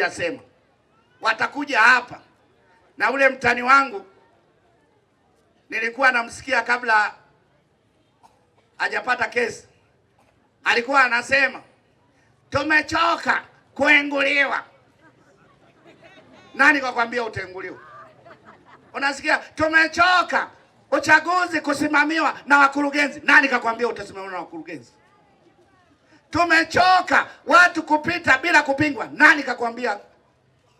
yasema watakuja hapa na ule mtani wangu nilikuwa namsikia kabla hajapata kesi, alikuwa anasema tumechoka kuenguliwa. Nani kakwambia utenguliwa? Unasikia, tumechoka uchaguzi kusimamiwa na wakurugenzi. Nani kakwambia utasimamiwa na wakurugenzi? Tumechoka watu kupita kupingwa. Nani kakwambia?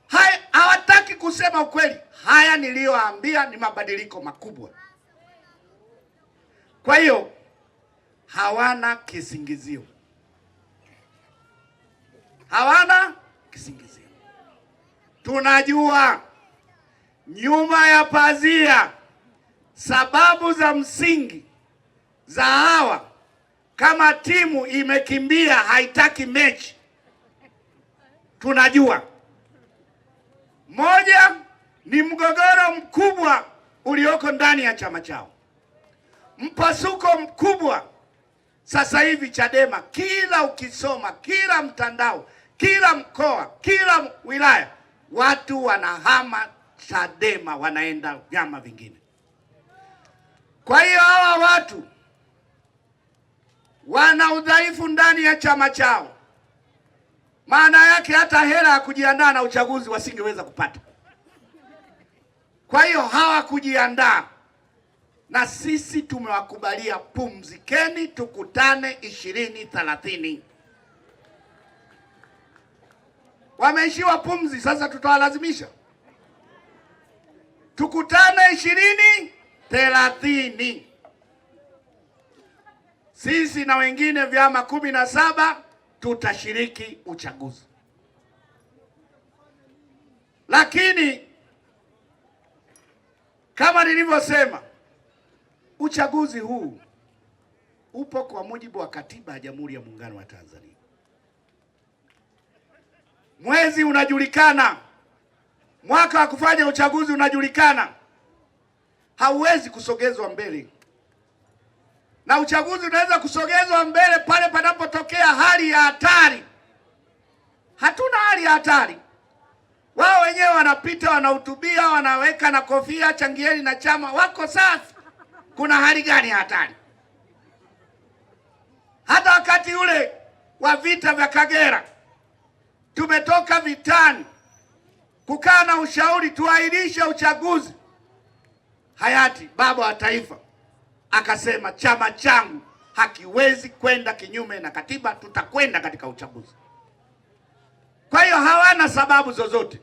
Haya, hawataki kusema ukweli. Haya niliyoambia ni mabadiliko makubwa. Kwa hiyo hawana kisingizio, hawana kisingizio. Tunajua nyuma ya pazia sababu za msingi za hawa, kama timu imekimbia haitaki mechi tunajua. Moja ni mgogoro mkubwa ulioko ndani ya chama chao, mpasuko mkubwa sasa hivi Chadema, kila ukisoma, kila mtandao, kila mkoa, kila wilaya, watu wanahama Chadema, wanaenda vyama vingine. Kwa hiyo hawa watu wana udhaifu ndani ya chama chao. Maana yake hata hela ya kujiandaa na uchaguzi wasingeweza kupata. Kwa hiyo hawakujiandaa, na sisi tumewakubalia, pumzikeni, tukutane ishirini thelathini. Wameishiwa pumzi, sasa tutawalazimisha tukutane ishirini thelathini, sisi na wengine vyama kumi na saba tutashiriki uchaguzi, lakini kama nilivyosema, uchaguzi huu upo kwa mujibu wa katiba ya Jamhuri ya Muungano wa Tanzania. Mwezi unajulikana, mwaka wa kufanya uchaguzi unajulikana, hauwezi kusogezwa mbele na uchaguzi unaweza kusogezwa mbele pale panapotokea hali ya hatari. Hatuna hali ya hatari. Wao wenyewe wanapita, wanahutubia, wanaweka na kofia, changieni na chama wako. Sasa kuna hali gani ya hatari? Hata wakati ule wa vita vya Kagera tumetoka vitani, kukaa na ushauri tuahirishe uchaguzi. Hayati baba wa taifa akasema chama changu hakiwezi kwenda kinyume na katiba, tutakwenda katika uchaguzi. Kwa hiyo hawana sababu zozote